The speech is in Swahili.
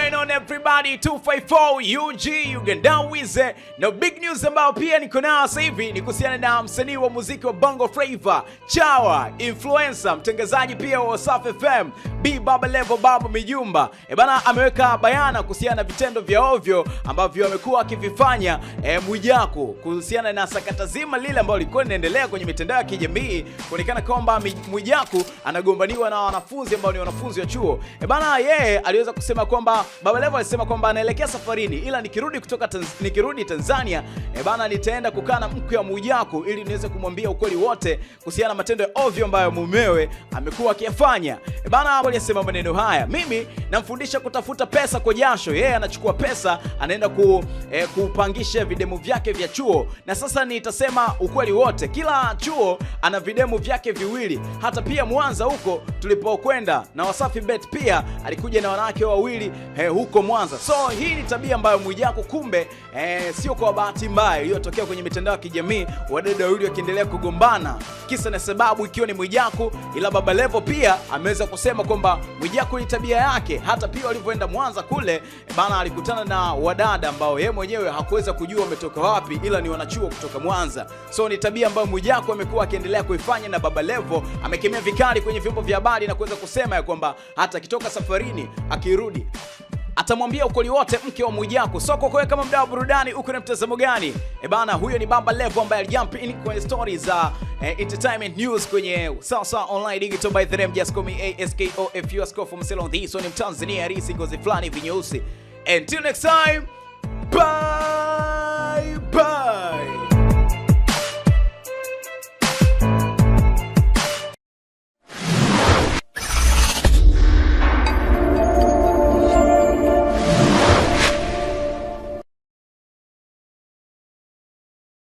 going on everybody 254 UG Uganda Wize na big news ambayo pia niko nayo sasa hivi ni kuhusiana na msanii wa muziki wa Bongo Flava Chawa, influencer, mtangazaji pia wa Saf FM B Baba Levo Baba Mijumba. E bana, ameweka bayana kuhusiana na vitendo vya ovyo ambavyo amekuwa akivifanya e, Mwijaku kuhusiana na sakata zima lile ambalo lilikuwa linaendelea kwenye mitandao ya kijamii kuonekana kwamba Mwijaku anagombaniwa na wanafunzi ambao ni wanafunzi wa chuo. E bana, yeye aliweza kusema kwamba Levo alisema kwamba anaelekea safarini, ila nikirudi kutoka tanz, nikirudi Tanzania e bana, nitaenda kukaa na mke wa Mwijaku ili niweze kumwambia ukweli wote kuhusiana na matendo ya ovyo ambayo mumewe amekuwa akiyafanya. E bana, hapo alisema maneno haya, mimi namfundisha kutafuta pesa kwa jasho. Yeye yeah, anachukua pesa anaenda ku, eh, kupangisha videmu vyake vya chuo. Na sasa nitasema ukweli wote, kila chuo ana videmu vyake viwili. Hata pia Mwanza huko tulipokwenda na Wasafi Bet pia alikuja na wanawake wawili eh, huko Mwanza. So hii ni tabia ambayo Mwijaku kumbe, eh, sio kwa bahati mbaya iliyotokea kwenye mitandao ya kijamii, wadada wawili wakiendelea kugombana, kisa na sababu ikiwa ni Mwijaku, ila Baba Levo pia ameweza kusema kwamba Mwijaku ni tabia yake hata pia walivyoenda Mwanza kule bana, alikutana na wadada ambao yeye mwenyewe hakuweza kujua wametoka wapi, ila ni wanachuo kutoka Mwanza. So ni tabia ambayo mwijako amekuwa akiendelea kuifanya, na Baba Levo amekemea vikali kwenye vyombo vya habari na kuweza kusema ya kwamba hata akitoka safarini akirudi atamwambia ukweli wote mke wa Mwijaku. So kwa kama mdau burudani, uko na mtazamo gani? E bana, huyo ni Baba Levo ambaye alijump in kwenye story za eh, entertainment news kwenye sawasawa online digital by the name just call me ASKO if you ask for Mselo on the so ni Mtanzania risi gozi flani vinyeusi. Until next time. Bye.